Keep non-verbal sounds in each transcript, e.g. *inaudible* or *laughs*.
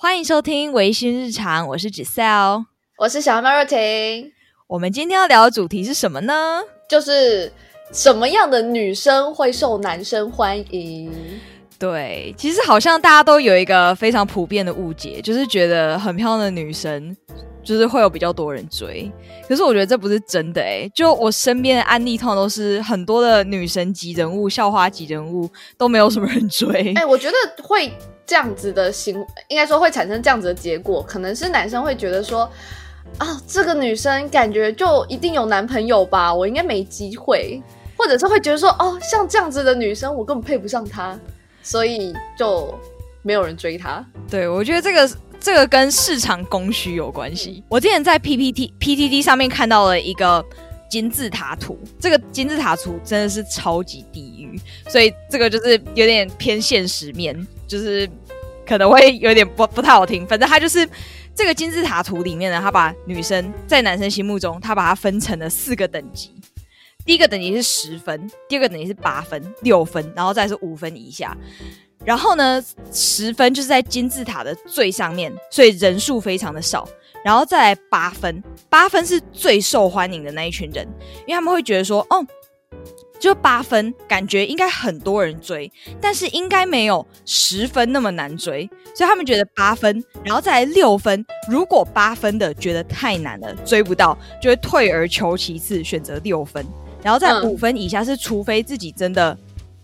歡迎收聽《微醺日常》，我是 Giselle，我是小馬瑞婷。我們今天要聊的主題是什麼呢？就是什麼樣的女生會受男生歡迎？對，其實好像大家都有一個非常普遍的誤解，就是覺得很漂亮的女生就是會有比較多人追。可是我覺得這不是真的誒、欸、就我身邊的案例，通常都是很多的女神級人物、校花級人物都沒有什麼人追。誒、欸、我覺得會。這樣子的行，應該說會產生這樣子的結果，可能是男生會覺得說，啊、哦，這個女生感覺就一定有男朋友吧，我應該沒機會，或者是會覺得說，哦，像這樣子的女生，我根本配不上她，所以就沒有人追她。對，我覺得這個這個跟市場供需有關係。我之前在 PPT PTT 上面看到了一個金字塔圖，這個金字塔圖真的是超級地獄，所以這個就是有點偏現實面。就是可能會有點不不，太好聽，反正他就是這個金字塔圖裡面呢，他把女生在男生心目中，他把它分成了四個等級。第一個等級是十分，第二個等級是八分、六分，然後再是五分以下。然後呢，十分就是在金字塔的最上面，所以人數非常的少。然後再來八分，八分是最受歡迎的那一群人，因為他們會覺得說，哦。就八分，感覺應該很多人追，但是應該沒有十分那麼難追，所以他們覺得八分，然後再來六分。如果八分的覺得太難了，追不到，就會退而求其次，選擇六分，然後在五分以下是，除非自己真的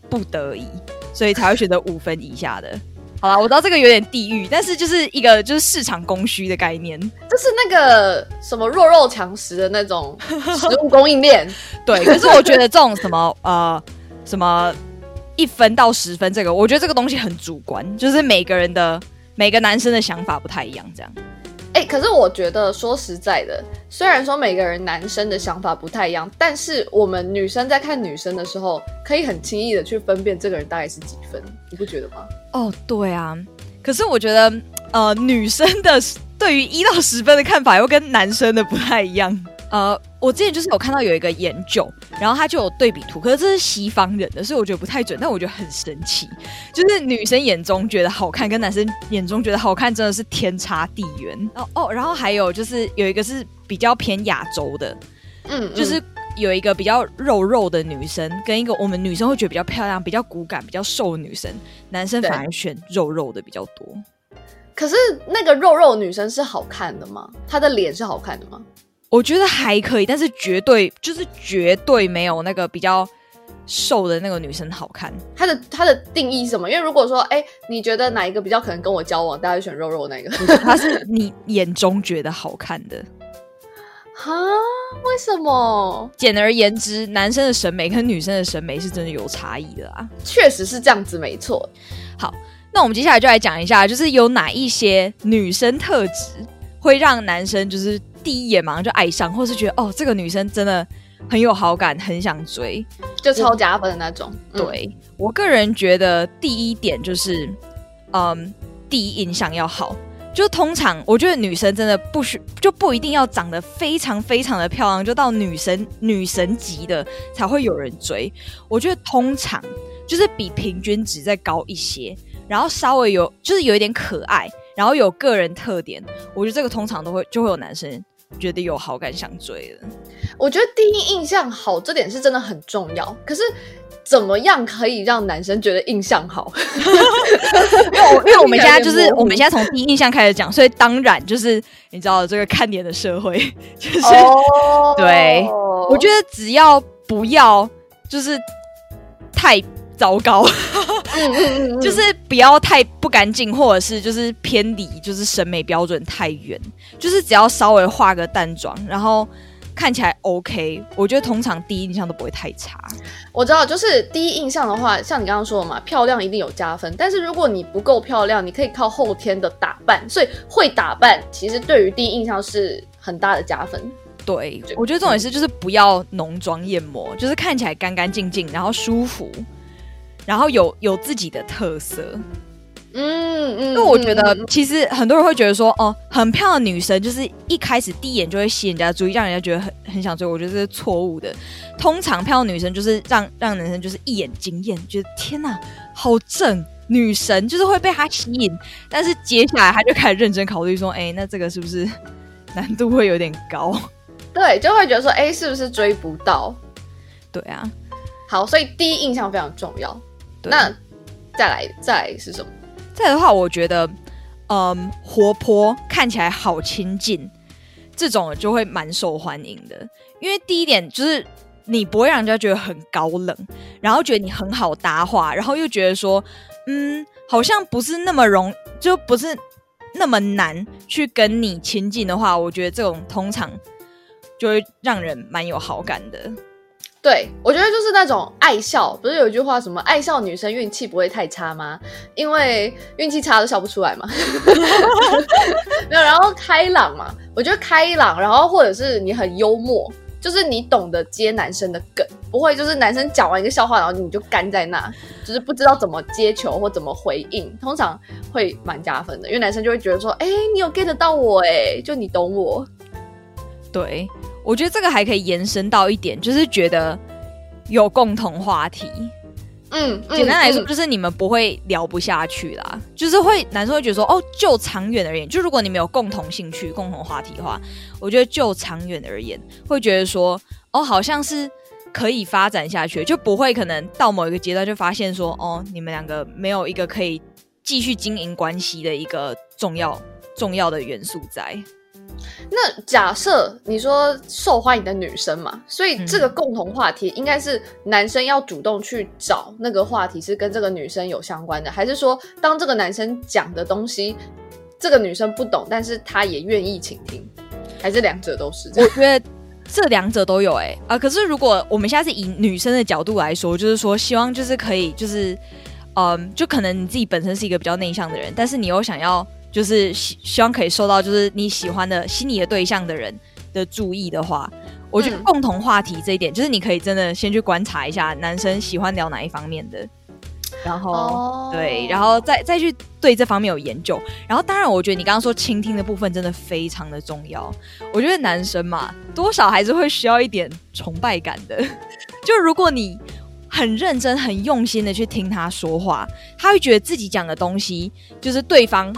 不得已，所以才會選擇五分以下的。好了，我知道這個有點地獄，但是就是一個就是市場供需的概念，就是那個什麼弱肉強食的那種食物供應鏈。 *laughs* 對，可是我覺得這種什麼 *laughs* 呃什麼一分到十分，這個我覺得這個東西很主觀，就是每個人的每個男生的想法不太一樣，這樣。哎、欸，可是我覺得說實在的，雖然說每個人男生的想法不太一樣，但是我們女生在看女生的時候，可以很輕易的去分辨這個人大概是幾分，你不覺得嗎？哦，對啊，可是我覺得，呃，女生的對於一到十分的看法又跟男生的不太一樣。呃，我之前就是有看到有一個研究，然後他就有對比圖，可是這是西方人的，所以我覺得不太準，但我覺得很神奇，就是女生眼中覺得好看，跟男生眼中覺得好看真的是天差地遠。哦哦，然後還有就是有一個是比較偏亞洲的，嗯，就是有一個比較肉肉的女生，跟一個我們女生會覺得比較漂亮、比較骨感、比較瘦的女生，男生反而選肉肉的比較多。可是那個肉肉女生是好看的嗎？她的臉是好看的嗎？我覺得還可以，但是絕對就是絕對沒有那個比較瘦的那個女生好看。她的她的定義是什麼？因為如果說哎，你覺得哪一個比較可能跟我交往，大家就選肉肉那個？她、 *laughs* 嗯、是你眼中覺得好看的？哈？為什麼？簡而言之，男生的審美跟女生的審美是真的有差異的啊！確實是這樣子，沒錯。好，那我們接下來就來講一下，就是有哪一些女生特質會讓男生就是。第一眼馬上就愛上，或是覺得哦，這個女生真的很有好感，很想追，就超加分的那種。我對、嗯、我個人覺得，第一點就是，嗯，第一印象要好。就通常，我覺得女生真的不需就不一定要長得非常非常的漂亮，就到女神女神級的才會有人追。我覺得通常就是比平均值再高一些，然後稍微有就是有一點可愛，然後有個人特點，我覺得這個通常都會就會有男生。覺得有好感想追的。我覺得第一印象好這點是真的很重要。可是怎麼樣可以讓男生覺得印象好？ *laughs* 因為我 *laughs* 因為我們現在就是 *laughs* 我們現在從第一印象開始講，所以當然就是你知道這個看臉的社會，就是、oh. 對，我覺得只要不要就是太糟糕。 *laughs* *laughs* 就是不要太不乾淨，或者是就是偏離就是審美標準太遠，就是只要稍微化個淡妝，然後看起來 OK，我覺得通常第一印象都不會太差。我知道，就是第一印象的話，像你剛剛說的嘛，漂亮一定有加分。但是如果你不夠漂亮，你可以靠後天的打扮，所以會打扮其實對於第一印象是很大的加分。對，我覺得這種也是就是不要濃妝豔抹，就是看起來乾乾淨淨，然後舒服。然後有有自己的特色，嗯嗯，那我覺得其實很多人會覺得說，嗯、哦，很漂亮女生就是一開始第一眼就會吸引人家的注意，讓人家覺得很很想追。我覺得這是錯誤的。通常漂亮的女生就是讓讓男生就是一眼驚艷，覺得天哪，好正，女神就是會被她吸引。但是接下來他就開始認真考慮說，哎，那這個是不是難度會有點高？對，就會覺得說，哎，是不是追不到？對啊，好，所以第一印象非常重要。對那再來，再來是什麼？再來的話，我覺得，嗯，活潑，看起來好親近，這種就會蠻受歡迎的。因為第一點就是你不會讓人家覺得很高冷，然後覺得你很好搭話，然後又覺得說，嗯，好像不是那麼容，就不是那麼難去跟你親近的話，我覺得這種通常就會讓人蠻有好感的。對我覺得就是那種愛笑，不是有一句話什麼愛笑女生運氣不會太差嗎？因為運氣差都笑不出來嘛。 *laughs* 沒有，然後開朗嘛，我覺得開朗，然後或者是你很幽默，就是你懂得接男生的梗，不會就是男生講完一個笑話然後你就乾在那，就是不知道怎麼接球或怎麼回應，通常會蠻加分的，因為男生就會覺得說，欸，你有 get 到我欸，就你懂我。對。我覺得這個還可以延伸到一點，就是覺得有共同話題，嗯，嗯，嗯，簡單來說就是你們不會聊不下去啦。就是會男生會覺得說，哦，就長遠而言，就如果你們有共同興趣、共同話題的話，我覺得就長遠而言，會覺得說，哦，好像是可以發展下去，就不會可能到某一個階段就發現說，哦，你們兩個沒有一個可以繼續經營關係的一個重要重要的元素在。那假設你說受歡迎的女生嘛，所以這個共同話題應該是男生要主動去找那個話題是跟這個女生有相關的，還是說當這個男生講的東西，這個女生不懂，但是他也願意傾聽，還是兩者都是這樣？我覺得這兩者都有誒、欸、啊、呃。可是如果我們現在是以女生的角度來說，就是說希望就是可以就是嗯、呃，就可能你自己本身是一個比較內向的人，但是你又想要。就是希希望可以受到就是你喜歡的心儀的對象的人的注意的話，我覺得共同話題這一點，嗯、就是你可以真的先去觀察一下男生喜歡聊哪一方面的，然後、哦、對，然後再再去對這方面有研究。然後當然，我覺得你剛剛說傾聽的部分真的非常的重要。我覺得男生嘛，多少還是會需要一點崇拜感的。 *laughs* 就如果你很認真、很用心的去聽他說話，他會覺得自己講的東西就是對方。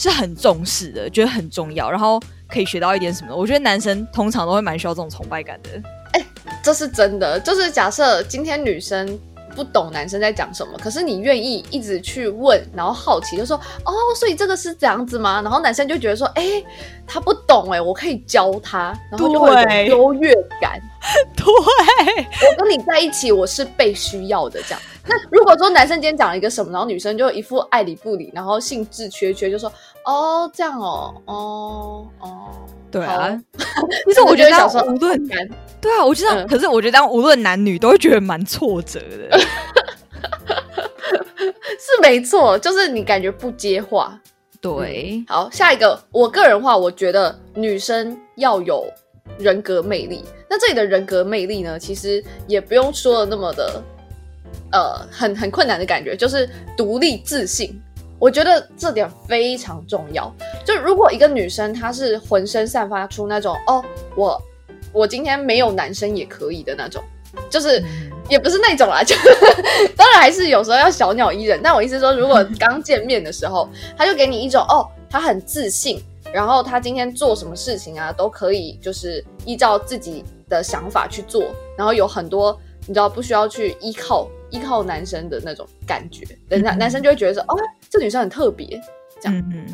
是很重視的，覺得很重要，然後可以學到一點什麼。我覺得男生通常都會蠻需要這種崇拜感的。欸，這是真的。就是假設今天女生不懂男生在講什麼，可是你願意一直去問，然後好奇，就說：“哦，所以這個是這樣子嗎？”然後男生就覺得說：“欸，他不懂欸，我可以教他。”然後就會有優越感。 *laughs* 對，我跟你在一起，我是被需要的這樣。那如果說男生今天講了一個什麼，然後女生就一副愛理不理，然後興致缺缺，就說：“哦，這樣哦，哦哦，對啊。好了”其實我覺得，無論，無論對啊，我知道、嗯、可是我覺得，無論男女都會覺得蠻挫折的。 *laughs* 是沒錯，就是你感覺不接話。對、嗯，好，下一個，我個人話，我覺得女生要有。人格魅力，那這裡的人格魅力呢？其實也不用說的那麼的，呃，很很困難的感覺，就是獨立自信。我覺得這點非常重要。就如果一個女生她是渾身散發出那種，哦，我我今天沒有男生也可以的那種，就是也不是那種啦，就當然還是有時候要小鳥依人。但我意思說，如果剛見面的時候，他就給你一種，哦，他很自信。然後他今天做什麼事情啊，都可以就是依照自己的想法去做，然後有很多你知道不需要去依靠依靠男生的那種感覺，人家男生就會覺得說，嗯、哼哦，這女生很特別，這樣、嗯。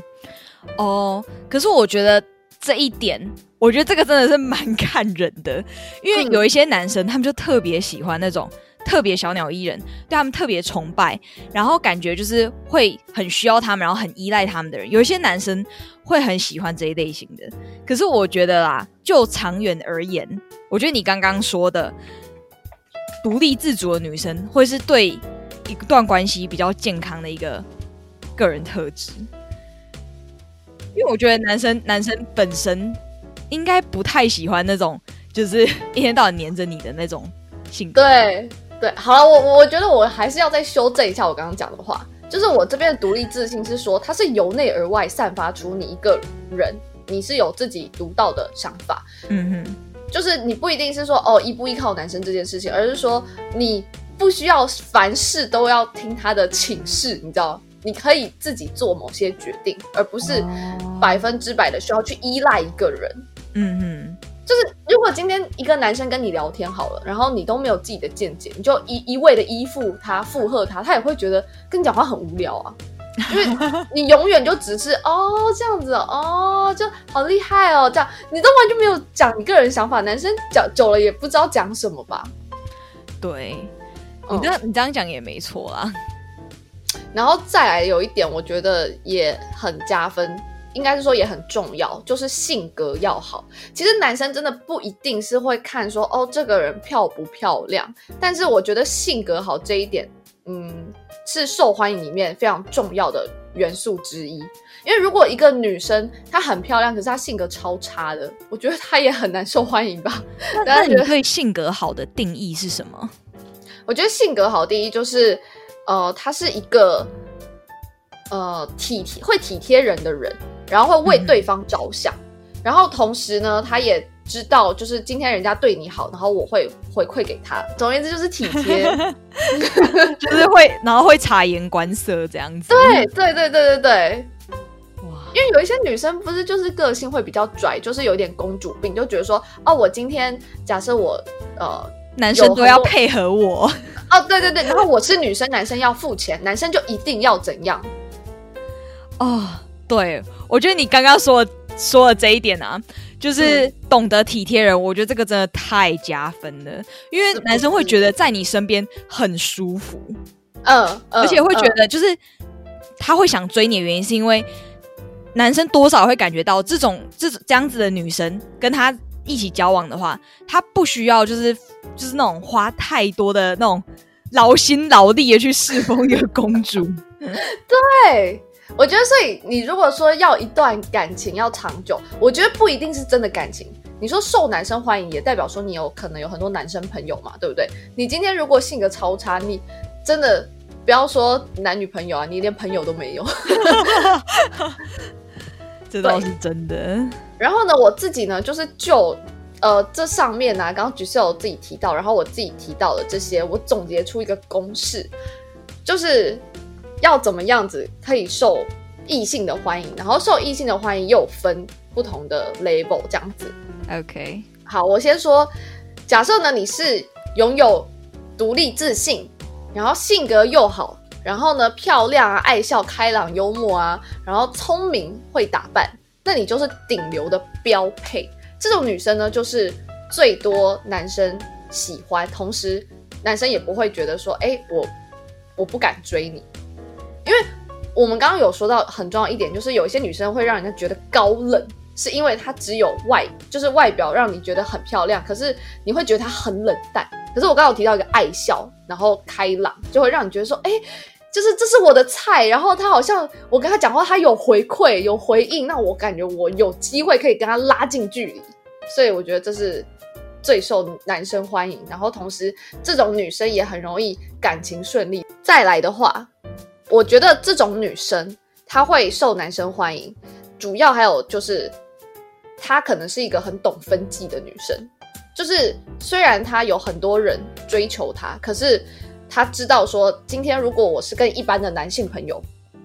哦，可是我覺得這一點，我覺得這個真的是蠻看人的，因為有一些男生、嗯、他們就特別喜歡那種。特別小鳥依人，對他們特別崇拜，然後感覺就是會很需要他們，然後很依賴他們的人，有一些男生會很喜歡這一類型的。可是我覺得啦，就長遠而言，我覺得你剛剛說的獨立自主的女生，會是對一段關係比較健康的一個個人特質。因為我覺得男生男生本身應該不太喜歡那種就是一天到晚黏着你的那種性格，對。對，好了，我我覺得我還是要再修正一下我剛剛講的話，就是我這邊的獨立自信是說，它是由內而外散發出你一個人，你是有自己獨到的想法，嗯哼，就是你不一定是說哦依不依靠男生這件事情，而是說你不需要凡事都要聽他的請示，嗯、你知道，你可以自己做某些決定，而不是百分之百的需要去依賴一個人，嗯哼。就是，如果今天一個男生跟你聊天好了，然後你都沒有自己的見解，你就一一味的依附他，附和他，他也會覺得跟你講話很無聊啊，因為你永遠就只是 *laughs* 哦，這樣子哦，就好厲害哦這樣，你都完全沒有講你個人想法，男生講久了也不知道講什麼吧？對，你這樣、嗯、你這樣講也沒錯啊。然後再來有一點，我覺得也很加分。應該是說也很重要，就是性格要好。其實男生真的不一定是會看說哦，這個人漂不漂亮，但是我覺得性格好這一點，嗯，是受歡迎裡面非常重要的元素之一。因為如果一個女生她很漂亮，可是她性格超差的，我覺得她也很難受歡迎吧。那，那你對性格好的定義是什麼？我覺得性格好的定義就是，呃，她是一個呃，體貼，會體貼人的人。然後會為對方着想，嗯、然後同時呢，他也知道，就是今天人家對你好，然後我會回饋給他。總而言之，就是體貼， *laughs* 就是會， *laughs* 然後會察言觀色這樣子。對對對對對對，哇！因為有一些女生不是就是個性會比較拽，就是有點公主病，就覺得說，哦，我今天假設我呃，男生都要配合我。哦，對對對，然後我是女生， *laughs* 男生要付錢，男生就一定要怎樣？哦，對。我覺得你剛剛說的說了這一點啊，就是懂得體貼人，嗯、我覺得這個真的太加分了，因為男生會覺得在你身邊很舒服，嗯，而且會覺得就是他會想追你的原因是因為男生多少會感覺到這種這這樣子的女生跟他一起交往的話，他不需要就是就是那種花太多的那種勞心勞力的去侍奉一個公主， *laughs* 對。我覺得，所以你如果說要一段感情要長久，我覺得不一定是真的感情。你說受男生歡迎，也代表說你有可能有很多男生朋友嘛，對不對？你今天如果性格超差，你真的不要說男女朋友啊，你連朋友都沒有， *laughs* 這倒是真的。然後呢，我自己呢，就是就呃這上面呢、啊，剛剛橘色我自己提到，然後我自己提到的這些，我總結出一個公式，就是。要怎麼樣子可以受異性的歡迎？然後受異性的歡迎又分不同的 label 這樣子。OK，好，我先說，假設呢，你是擁有獨立自信，然後性格又好，然後呢漂亮啊，愛笑開朗幽默啊，然後聰明會打扮，那你就是頂流的標配。這種女生呢，就是最多男生喜歡，同時男生也不會覺得說，哎，我我不敢追你。因為我們剛剛有說到很重要一點，就是有一些女生會讓人家覺得高冷，是因為她只有外，就是外表讓你覺得很漂亮，可是你會覺得她很冷淡。可是我剛剛有提到一個愛笑，然後開朗，就會讓你覺得說，誒，就是這是我的菜。然後她好像我跟她講話，她有回饋，有回應，那我感覺我有機會可以跟她拉近距離。所以我覺得這是最受男生歡迎，然後同時這種女生也很容易感情順利。再來的話。我覺得這種女生她會受男生歡迎，主要還有就是她可能是一個很懂分際的女生，就是雖然她有很多人追求她，可是她知道說今天如果我是跟一般的男性朋友，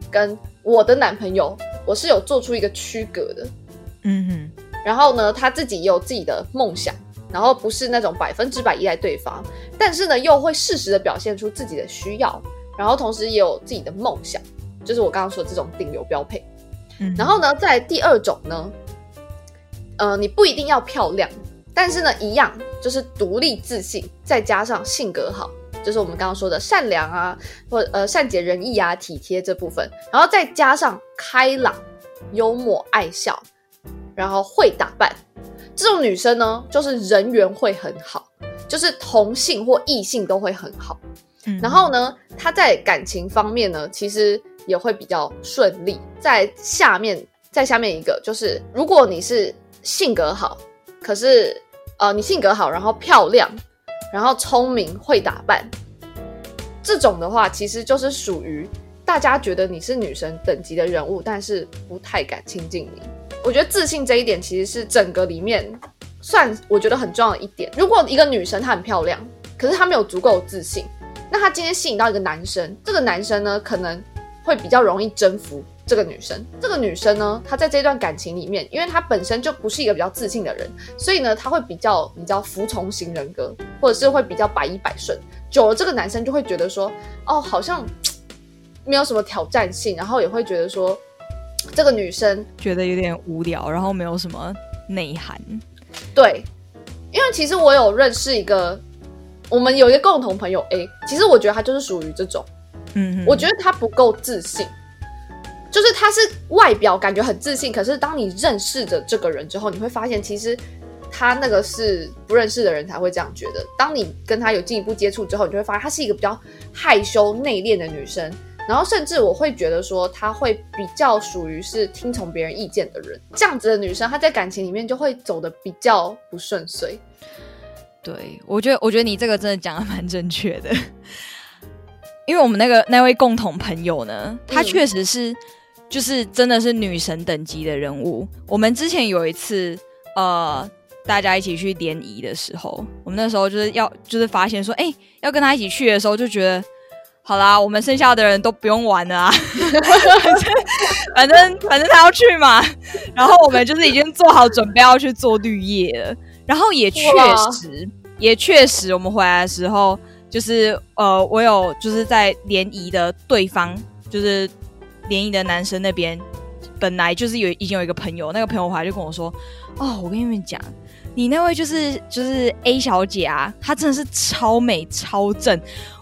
跟我的男朋友，我是有做出一個區隔的，嗯哼，然後呢，她自己也有自己的夢想，然後不是那種百分之百依賴對方，但是呢，又會適時的表現出自己的需要。然後同時也有自己的夢想，就是我剛剛說的這種頂流標配。嗯、然後呢，在第二種呢，呃，你不一定要漂亮，但是呢，一樣就是獨立自信，再加上性格好，就是我們剛剛說的善良啊，或呃善解人意啊、體貼這部分，然後再加上開朗、幽默、愛笑，然後會打扮，這種女生呢，就是人緣會很好，就是同性或異性都會很好。然後呢，他在感情方面呢，其實也會比較順利。再下面，再下面一個就是，如果你是性格好，可是呃，你性格好，然後漂亮，然後聰明，會打扮，這種的話，其實就是屬於大家覺得你是女神等級的人物，但是不太敢親近你。我覺得自信這一點其實是整個裡面算我覺得很重要的一點。如果一個女生她很漂亮，可是她沒有足夠自信。那他今天吸引到一個男生，這個男生呢，可能會比較容易征服這個女生。這個女生呢，她在這段感情裡面，因為她本身就不是一個比較自信的人，所以呢，她會比較比較服從型人格，或者是會比較百依百順。久了，這個男生就會覺得說，哦，好像沒有什麼挑戰性，然後也會覺得說，這個女生覺得有點無聊，然後沒有什麼內涵。對，因為其實我有認識一個。我們有一個共同朋友 A，其實我覺得她就是屬於這種，嗯哼，我覺得她不夠自信，就是她是外表感覺很自信，可是當你認識着這個人之後，你會發現其實她那個是不認識的人才會這樣覺得。當你跟她有進一步接觸之後，你就會發現她是一個比較害羞內斂的女生，然後甚至我會覺得說她會比較屬於是聽從別人意見的人，這樣子的女生她在感情裡面就會走得比較不順遂。對，我覺得，我覺得你這個真的講的蠻正確的，因為我們那個那位共同朋友呢，他確實是，就是真的是女神等級的人物。我們之前有一次，呃，大家一起去聯誼的時候，我們那時候就是要，就是發現說，哎、欸，要跟他一起去的時候，就覺得，好啦，我們剩下的人都不用玩了、啊， *laughs* *laughs* 反正反正他要去嘛，然後我們就是已經做好準備要去做綠葉了。然後也確實，哇也確實，我們回來的時候，就是呃，我有就是在聯誼的對方，就是聯誼的男生那邊，本來就是有已經有一個朋友，那個朋友回來就跟我說：“哦，我跟你們講，你那位就是就是 A 小姐啊，她真的是超美超正，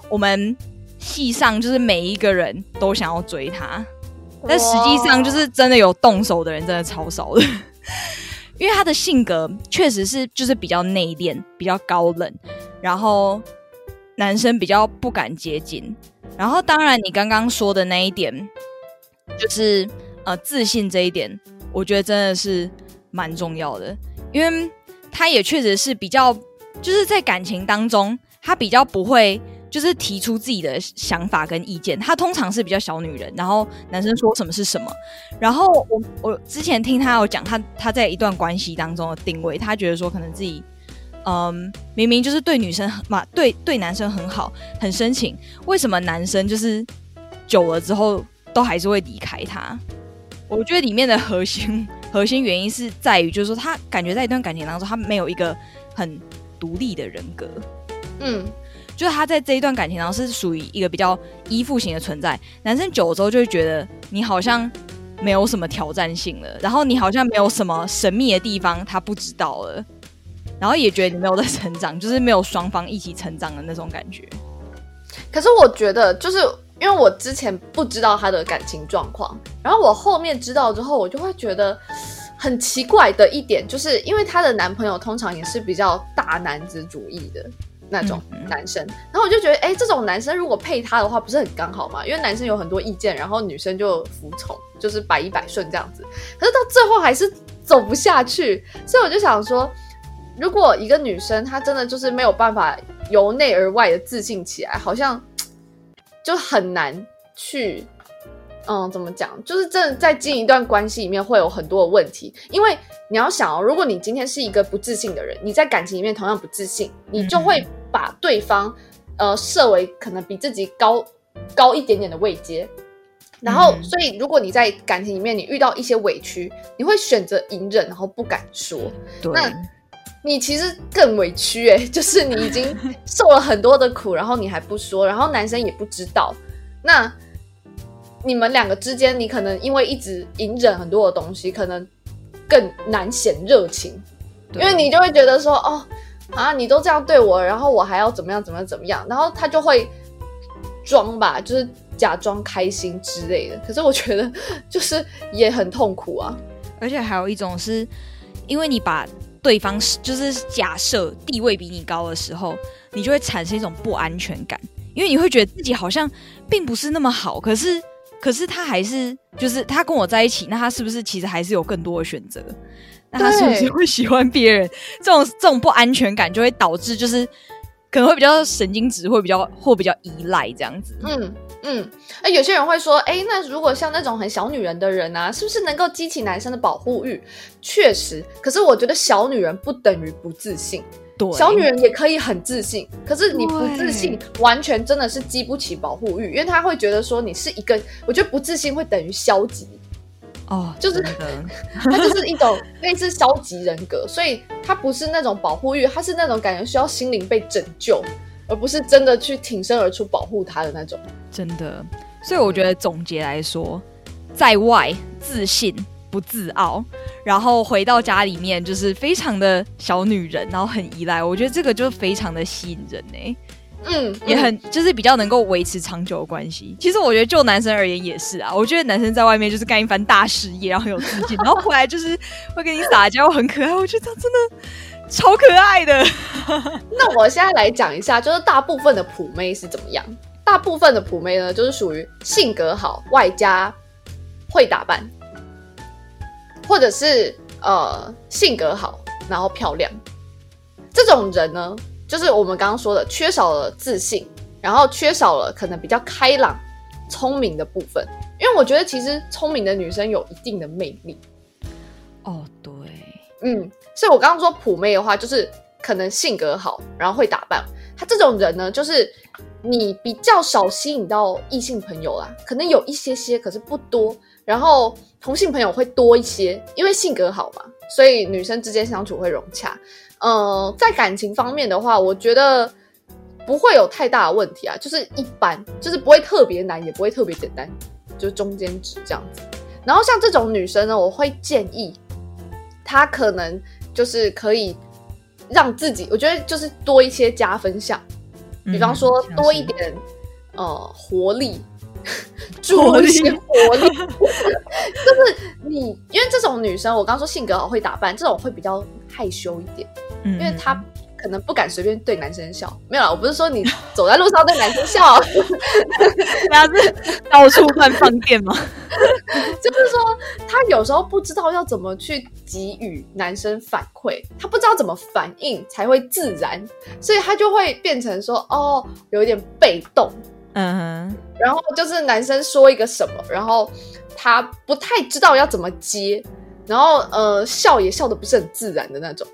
我們系上就是每一個人都想要追她，但實際上就是真的有動手的人真的超少的。哇” *laughs* 因為他的性格確實是就是比較內斂、比較高冷，然後男生比較不敢接近。然後當然你剛剛說的那一點，就是呃自信這一點，我覺得真的是蠻重要的，因為他也確實是比較，就是在感情當中，他比較不會。就是提出自己的想法跟意見，她通常是比較小女人，然後男生說什麼是什麼。然後我我之前聽他有講，他他在一段關係當中的定位，他覺得說可能自己嗯，明明就是對女生嘛、嗯，對對男生很好，很深情，為什麼男生就是久了之後都還是會離開他？我覺得裡面的核心核心原因是在於，就是說他感覺在一段感情當中，他沒有一個很獨立的人格，嗯。就是他在這一段感情上是屬於一個比較依附型的存在，男生久了之後就會覺得你好像沒有什麼挑戰性了，然後你好像沒有什麼神秘的地方他不知道了，然後也覺得你沒有在成長，就是沒有雙方一起成長的那種感覺。可是我覺得，就是因為我之前不知道他的感情狀況，然後我後面知道之後，我就會覺得很奇怪的一點，就是因為他的男朋友通常也是比較大男子主義的。那種男生，嗯、哼然後我就覺得，哎，這種男生如果配他的話，不是很剛好嗎？因為男生有很多意見，然後女生就服從，就是百依百順這樣子。可是到最後還是走不下去，所以我就想說，如果一個女生她真的就是沒有辦法由內而外的自信起來，好像就很難去，嗯，怎麼講？就是真的在進一段關係裡面會有很多的問題，因為你要想哦，如果你今天是一個不自信的人，你在感情裡面同樣不自信，嗯、哼你就會。把對方，呃，設為可能比自己高高一點點的位階，然後，嗯、所以如果你在感情裡面你遇到一些委屈，你會選擇隱忍，然後不敢說，對那你其實更委屈哎、欸，就是你已經受了很多的苦， *laughs* 然後你還不說，然後男生也不知道，那你們兩個之間，你可能因為一直隱忍很多的東西，可能更難顯熱情，對因為你就會覺得說哦。啊，你都這樣對我，然後我還要怎麼樣？怎麼樣？怎麼樣？然後他就會裝吧，就是假裝開心之類的。可是我覺得，就是也很痛苦啊。而且還有一種是，因為你把對方是就是假設地位比你高的時候，你就會產生一種不安全感，因為你會覺得自己好像並不是那麼好。可是，可是他還是就是他跟我在一起，那他是不是其實還是有更多的選擇？那他是不是會喜歡別人？對這種這種不安全感就會導致，就是可能會比較神經質，會比較或比較依賴這樣子。嗯嗯。那、嗯欸、有些人會說，哎、欸，那如果像那種很小女人的人呢、啊，是不是能夠激起男生的保護慾？確實，可是我覺得小女人不等於不自信，對小女人也可以很自信。可是你不自信，完全真的是激不起保護慾，對因為他會覺得說你是一個，我覺得不自信會等於消極。哦，oh, 就是他的就是一種類似消極人格， *laughs* 所以他不是那種保護慾，他是那種感覺需要心靈被拯救，而不是真的去挺身而出保護他的那種。真的，所以我覺得總結來說，嗯、在外自信不自傲，然後回到家裡面就是非常的小女人，然後很依賴。我覺得這個就非常的吸引人呢、欸。嗯，也很，就是比較能夠維持長久的關係。其實我覺得就男生而言也是啊。我覺得男生在外面就是幹一番大事業，然後有資金，然後回來就是會跟你撒嬌，很可愛。我覺得他真的超可愛的。 *laughs* 那我現在來講一下，就是大部分的普妹是怎麼樣？大部分的普妹呢，就是屬於性格好，外加會打扮，或者是呃性格好，然後漂亮這種人呢。就是我們剛剛說的，缺少了自信，然後缺少了可能比較開朗、聰明的部分。因為我覺得，其實聰明的女生有一定的魅力。哦，oh，對，嗯，所以我剛剛說普妹的話，就是可能性格好，然後會打扮。她這種人呢，就是你比較少吸引到異性朋友啦，可能有一些些，可是不多。然後同性朋友會多一些，因為性格好嘛，所以女生之間相處會融洽。呃，在感情方面的話，我覺得不會有太大的問題啊，就是一般，就是不會特別難，也不會特別簡單，就是中間值這樣子。然後像這種女生呢，我會建議她可能就是可以讓自己，我覺得就是多一些加分項，嗯、比方說多一點是呃活力，做 *laughs* 一些活力， *laughs* 就是你，因為這種女生，我剛,剛說性格好，會打扮，這種會比較害羞一點。因為她可能不敢隨便對男生笑，嗯、沒有啦，我不是說你走在路上要對男生笑，那 *laughs* *laughs* 是到處亂放電嗎？ *laughs* 就是說，她有時候不知道要怎麼去給予男生反饋，她不知道怎麼反應才會自然，所以她就會變成說，哦，有一點被動，嗯哼，然後就是男生說一個什麼，然後她不太知道要怎麼接，然後呃，笑也笑得不是很自然的那種。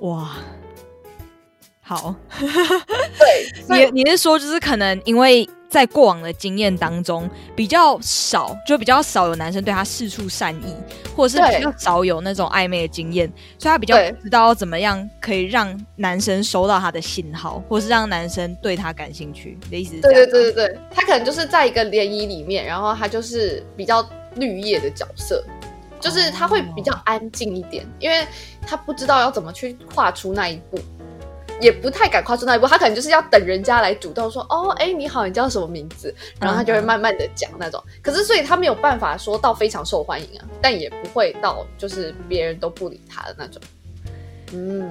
哇，好， *laughs* 對，對你你是說就是可能因為在過往的經驗當中比較少，就比較少有男生對她四處善意，或者是比較少有那種曖昧的經驗，所以她比較不知道怎麼樣可以讓男生收到他的信號，對或是讓男生對他感興趣。你的意思是這樣？對對對對對，她可能就是在一個聯誼裡面，然後他就是比較綠葉的角色，就是他會比較安靜一點，因為。他不知道要怎麼去跨出那一步，也不太敢跨出那一步。他可能就是要等人家來主動說：“哦，哎，你好，你叫什麼名字？”然後他就會慢慢的講那種。嗯嗯。可是，所以他沒有辦法說到非常受歡迎啊，但也不會到就是別人都不理他的那種。嗯，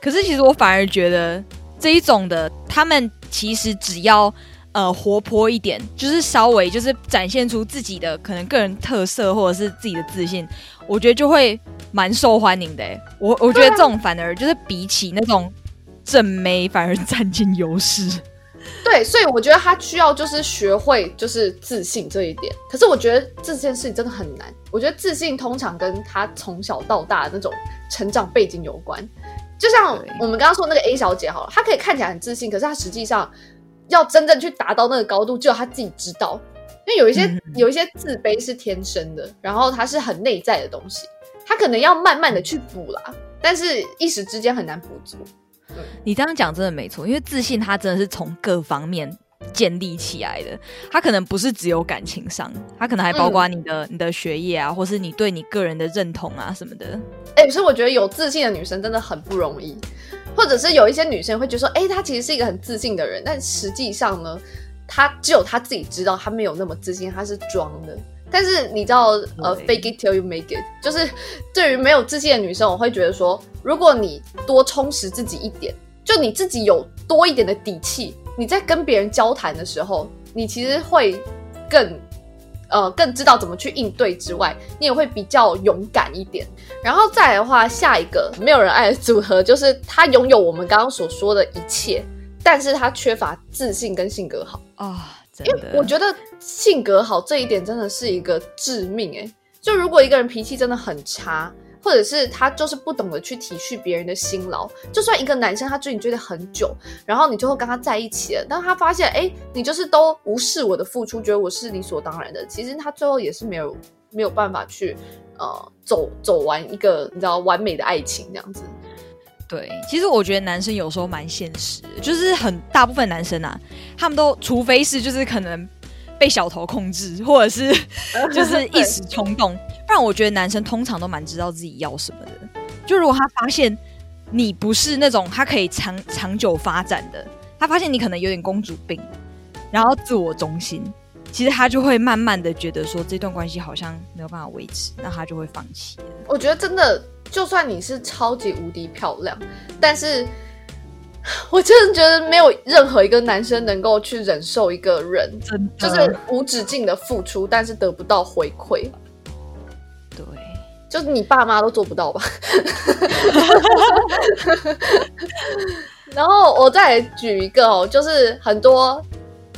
可是其實我反而覺得這一種的，他們其實只要。呃，活潑一點，就是稍微就是展現出自己的可能個人特色，或者是自己的自信，我覺得就會蠻受歡迎的。我我覺得這種反而就是比起那種正妹反而佔盡優勢。對，所以我覺得她需要就是學會就是自信這一點。可是我覺得這件事情真的很難。我覺得自信通常跟她從小到大那種成長背景有關。就像我們剛剛說那個 A 小姐好了，她可以看起來很自信，可是她實際上。要真正去達到那個高度，只有他自己知道。因為有一些、嗯、有一些自卑是天生的，然後它是很內在的東西，他可能要慢慢的去補啦，但是一時之間很難補足。你這樣講真的沒錯，因為自信他真的是從各方面建立起來的，他可能不是只有感情上，他可能還包括你的、嗯、你的學業啊，或是你對你個人的認同啊什麼的。哎、欸，所以我覺得有自信的女生真的很不容易。或者是有一些女生會覺得說，誒、欸，她其實是一個很自信的人，但實際上呢，她只有她自己知道，她沒有那麼自信，她是裝的。但是你知道，呃對、uh,，fake it till you make it，就是對於沒有自信的女生，我會覺得說，如果你多充實自己一點，就你自己有多一點的底氣，你在跟別人交談的時候，你其實會更。呃，更知道怎麼去應對之外，你也會比較勇敢一點。然後再來的話，下一個沒有人愛的組合就是他擁有我們剛剛所說的一切，但是他缺乏自信跟性格好啊。Oh, 真的。因為我覺得性格好這一點真的是一個致命誒、欸。就如果一個人脾氣真的很差。或者是他就是不懂得去體恤別人的辛勞，就算一個男生他追你追得很久，然後你最後跟他在一起了，但他發現哎，你就是都無視我的付出，覺得我是理所當然的，其實他最後也是沒有沒有辦法去呃走走完一個你知道完美的愛情這樣子。對，其實我覺得男生有時候蠻現實，就是很大部分男生啊，他們都除非是就是可能。被小頭控制，或者是就是一時衝動，但 *laughs* 對 我覺得男生通常都蠻知道自己要什麼的。就如果他發現你不是那種他可以長長久發展的，他發現你可能有點公主病，然後自我中心，其實他就會慢慢的覺得說這段關係好像沒有辦法維持，那他就會放棄。我覺得真的，就算你是超級無敵漂亮，但是。我真的覺得沒有任何一個男生能夠去忍受一個人，真的就是無止境的付出，但是得不到回饋。對，就是你爸媽都做不到吧？然後我再舉一個哦，就是很多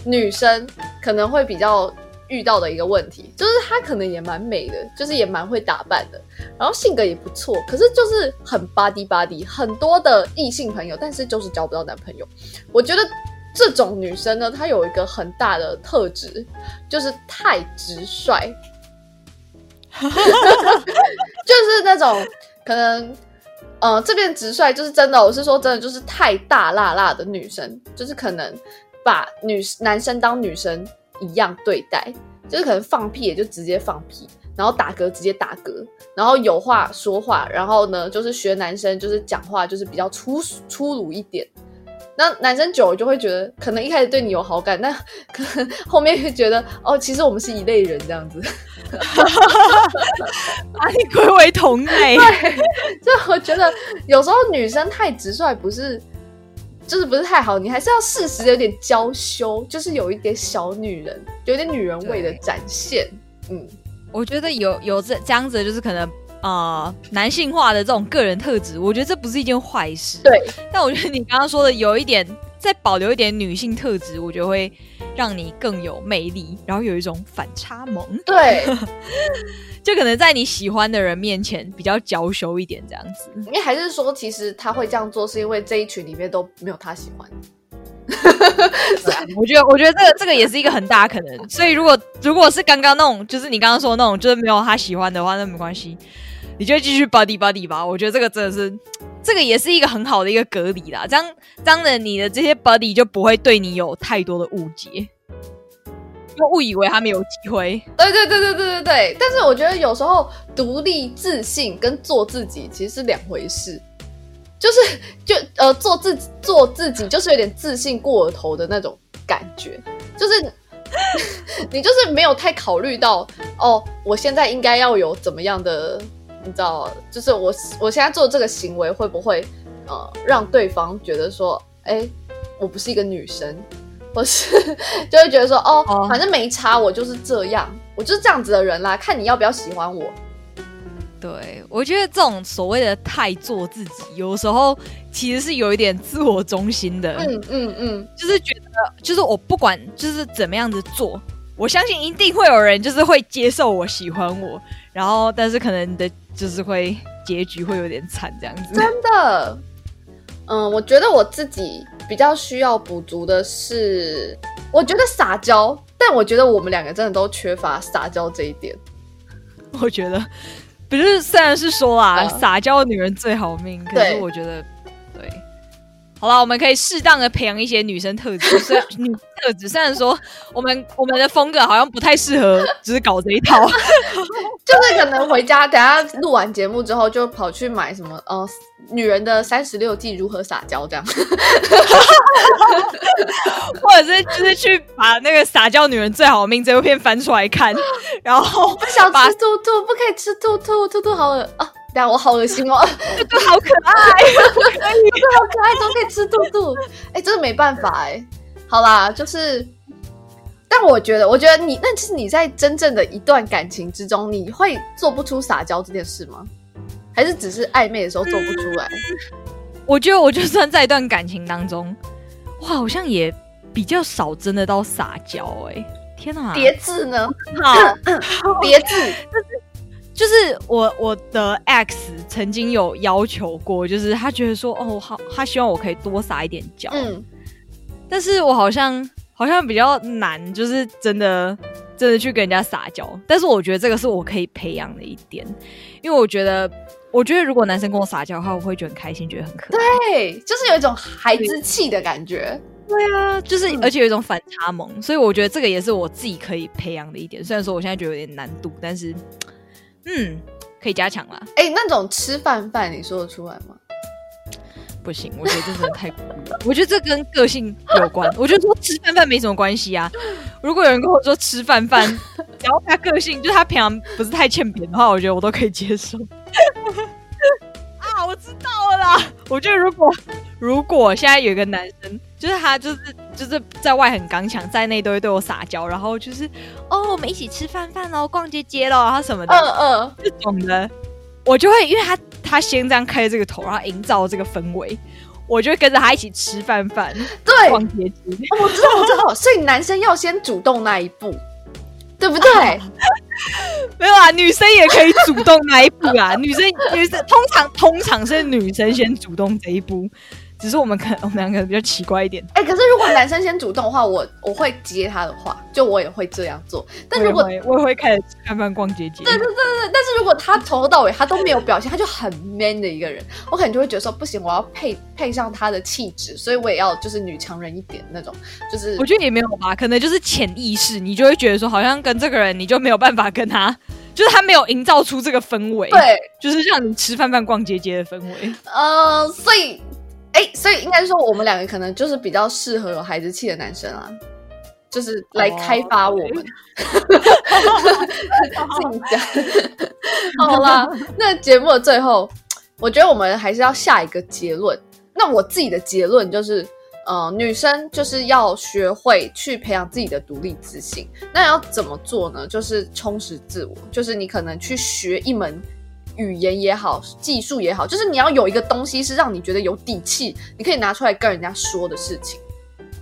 女生可能會比較。遇到的一個問題，就是她可能也蠻美的，就是也蠻會打扮的，然後性格也不錯，可是就是很 buddy buddy，很多的異性朋友，但是就是交不到男朋友。我覺得這種女生呢，她有一個很大的特質，就是太直率， *laughs* *laughs* 就是那種可能，嗯、呃，這邊直率就是真的，我是說真的，就是太大辣辣的女生，就是可能把女男生當女生。一樣對待，就是可能放屁也就直接放屁，然後打嗝直接打嗝，然後有話說話，然後呢就是學男生，就是講話就是比較粗粗魯一點。那男生久了就會覺得，可能一開始對你有好感，那可能後面就覺得哦，其實我們是一類人這樣子， *laughs* *laughs* 把你歸為同類。對，就我覺得有時候女生太直率不是。就是不是太好，你還是要適時有點嬌羞，就是有一點小女人，有點女人味的展現。對嗯，我覺得有有這這樣子，就是可能啊、呃，男性化的這種個人特質，我覺得這不是一件壞事。對，但我覺得你剛剛說的有一點，再保留一點女性特質，我覺得會。讓你更有魅力，然後有一種反差萌，對， *laughs* 就可能在你喜歡的人面前比較嬌羞一點這樣子。因為還是說，其實他會這樣做，是因為這一群裡面都沒有他喜歡？ *laughs* 對啊， *laughs* 我覺得，我覺得這個這個也是一個很大可能。所以，如果如果是剛剛那種，就是你剛剛說的那種，就是沒有他喜歡的話，那沒關係，你就繼續 buddy buddy 吧。我覺得這個真的是。這個也是一個很好的一個隔離啦，這樣，這樣的你的這些 buddy 就不會對你有太多的誤解，就誤以為他沒有機會。對對對對對對對，但是我覺得有時候獨立自信跟做自己其實是兩回事，就是就呃做自己，做自己就是有點自信過頭的那種感覺，就是 *laughs* *laughs* 你就是沒有太考慮到哦，我現在應該要有怎麼樣的。你知道，就是我我現在做這個行為會不會，呃，讓對方覺得說，哎、欸，我不是一個女生，或是就會覺得說，哦，哦反正沒差，我就是這樣，我就是這樣子的人啦，看你要不要喜歡我。對，我覺得這種所謂的太做自己，有時候其實是有一點自我中心的。嗯嗯嗯，嗯嗯就是覺得，就是我不管就是怎麼樣子做，我相信一定會有人就是會接受我喜歡我，然後但是可能的。就是會結局會有點慘這樣子，真的，嗯，我覺得我自己比較需要補足的是，我覺得撒嬌，但我覺得我們兩個真的都缺乏撒嬌這一點，我覺得，不、就是，雖然是說啊，嗯、撒嬌的女人最好命，可是我覺得。好了，我們可以適當的培養一些女生特質，雖然女生特質，雖然說我們我們的風格好像不太適合，只是搞這一套， *laughs* 就是可能回家，等下錄完節目之後，就跑去買什麼呃女人的三十六計如何撒嬌這樣， *laughs* *laughs* 或者是就是去把那個撒嬌女人最好命這部片翻出來看，然後不想吃兔兔，不可以吃兔兔，兔兔好惡 *laughs* 我好惡心哦！ *laughs* 好可愛，真的 *laughs* 好可愛，都可以吃肚肚。哎、欸，真的沒辦法哎、欸。好啦，就是，但我覺得，我覺得你，那其實你在真正的一段感情之中，你會做不出撒嬌這件事嗎？還是只是曖昧的時候做不出來？嗯、我覺得，我就算在一段感情當中，哇，好像也比較少真的到撒嬌。哎，天哪！疊字呢？啊、 *laughs* 疊字好，疊字。就是我我的 X 曾經有要求過，就是他覺得說哦好，他希望我可以多撒一點嬌。嗯，但是我好像好像比較難，就是真的真的去跟人家撒嬌。但是我覺得這個是我可以培養的一點，因為我覺得我覺得如果男生跟我撒嬌的話，我會覺得很開心，覺得很可愛。對，就是有一種孩子氣的感覺。對，對啊，就是而且有一種反差萌，嗯，所以我覺得這個也是我自己可以培養的一點。雖然說我現在覺得有點難度，但是。嗯，可以加強啦。哎、欸，那種吃飯飯，你說得出來嗎？不行，我覺得這真的太了…… *laughs* 我覺得這跟個性有關。我覺得說吃飯飯沒什麼關係啊。如果有人跟我說吃飯飯，然後他個性就是他平常不是太欠扁的話，我覺得我都可以接受。 *laughs* *laughs* 啊，我知道了啦。我覺得如果如果現在有一個男生，就是他就是。就是在外很剛強，在內都會對我撒嬌，然後就是哦，我們一起吃飯飯嘍，逛街街嘍，然後什麼的，嗯嗯，嗯，這種的，我就會因為他他先這樣開這個頭，然後營造這個氛圍，我就會跟着他一起吃飯飯，對，逛街街，我知道我知道，知道 *laughs* 所以男生要先主動那一步，對不對？啊？沒有啊，女生也可以主動那一步啊， *laughs* 女生，女生通常通常是女生先主動這一步。只是我們可能我們兩個人比較奇怪一點。哎、欸，可是如果男生先主動的話，我我會接他的話，就我也會這樣做。但如果我也，我也會開始吃飯飯逛街街。對對對對，但是如果他從頭到尾他都沒有表現， *laughs* 他就很 man 的一個人，我可能就會覺得說不行，我要配配上他的氣質，所以我也要就是女強人一點那種。就是我覺得你沒有吧，啊，可能就是潛意識，你就會覺得說好像跟這個人你就沒有辦法跟他，就是他沒有營造出這個氛圍，對，就是像你吃飯飯逛街街的氛圍，嗯。呃，所以。哎，所以應該說我們兩個可能就是比較適合有孩子氣的男生啊，就是來開發我們、oh, okay. *laughs* 自己講，好啦，那節目的最後，我覺得我們還是要下一個結論。那我自己的結論就是，呃，女生就是要學會去培養自己的獨立自信。那要怎麼做呢？就是充實自我，就是你可能去學一門。語言也好，技術也好，就是你要有一個東西是讓你覺得有底氣，你可以拿出來跟人家說的事情。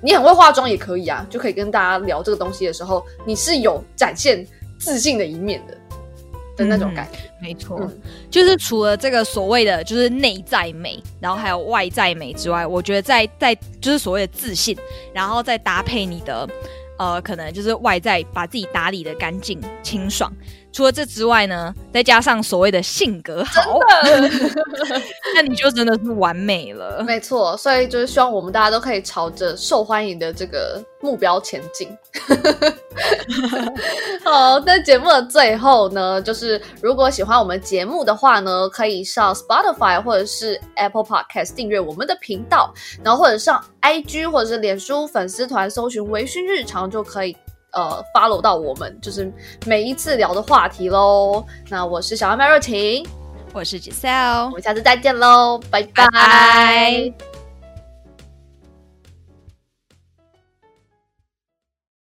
你很會化妝也可以啊，就可以跟大家聊這個東西的時候，你是有展現自信的一面的的那種感覺。嗯，沒錯，嗯，就是除了這個所謂的就是內在美，然後還有外在美之外，我覺得在在就是所謂的自信，然後再搭配你的呃，可能就是外在把自己打理得乾淨清爽。除了這之外呢，再加上所謂的性格好，的 *laughs* 那你就真的是完美了。沒錯，所以就是希望我們大家都可以朝着受歡迎的這個目標前進。 *laughs* 好，在節目的最後呢，就是如果喜歡我們節目的話呢，可以上 Spotify 或者是 Apple Podcast 訂閱我們的頻道，然後或者上 IG 或者是臉書粉絲團，搜尋“微醺日常”就可以。呃，follow 到我們，就是每一次聊的話題嘍。那我是小艾麥若晴，我是 Giselle，我們下次再見嘍，拜拜。Bye bye。